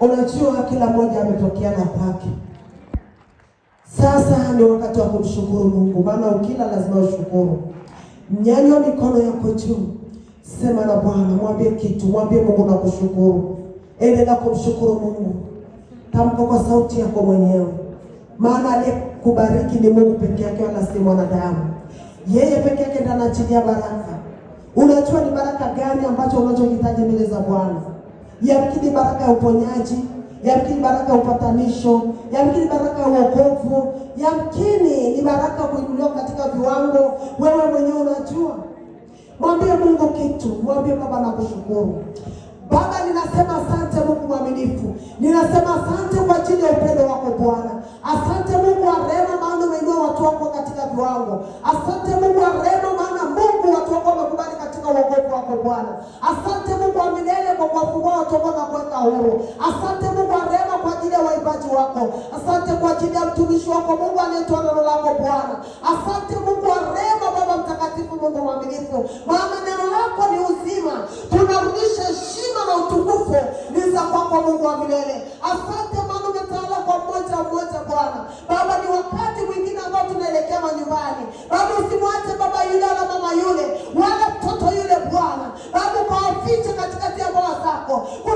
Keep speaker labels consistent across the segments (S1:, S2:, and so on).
S1: Unajua, kila mmoja na kwake. Sasa ni wakati wa kumshukuru Mungu, maana ukila lazima ushukuru. Nyanyua mikono yako juu, sema na Bwana, mwambie kitu, mwambie Mungu na kushukuru. Endelea kumshukuru Mungu, tamka kwa sauti yako mwenyewe, maana aliyekubariki ni Mungu peke yake, wala si mwanadamu. Yeye peke yake ndiye anaachilia baraka Unajua ni baraka gani ambacho unachokitaja mbele za Bwana? Yamkini baraka ya uponyaji, yamkini baraka ya upatanisho, yamkini baraka ya uokovu, yamkini ni baraka kuinuliwa katika viwango wewe mwenyewe unajua. Mwambie Mungu kitu, mwambie Baba nakushukuru. Baba, ninasema asante Mungu mwaminifu, ninasema asante kwa ajili ya upendo wako Bwana. Asante Mungu wa rehema, maana umeinua watu wako katika viwango. Asante Mungu wa rehema wako Bwana. Asante Mungu wa milele kwa kuwafungua watoka na kuweka huru. Asante Mungu wa rehema kwa ajili ya waibaji wako. Asante kwa ajili ya mtumishi wako Mungu aliyetoa neno lako Bwana. Asante Mungu wa rehema, Baba mtakatifu, Mungu mwaminifu, maana neno lako ni uzima. Tunarudisha heshima na utukufu ni za kwako Mungu wa milele. Asante maana umetawala kwa mmoja mmoja Bwana. Baba, ni wakati mwingine ambao tunaelekea manyumbani 我。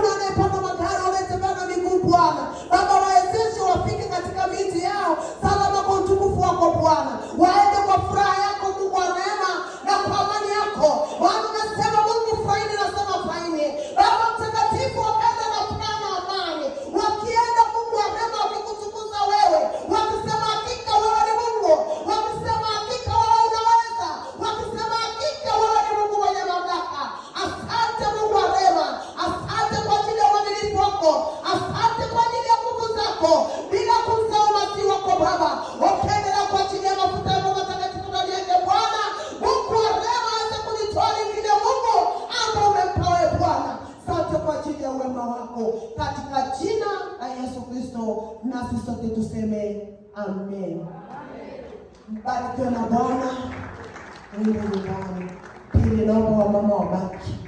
S1: ajili ya wema wako katika jina la Yesu Kristo, nasi sote tuseme amen. Mbarikiwe na Bwana. Mungu naomba wamama wabaki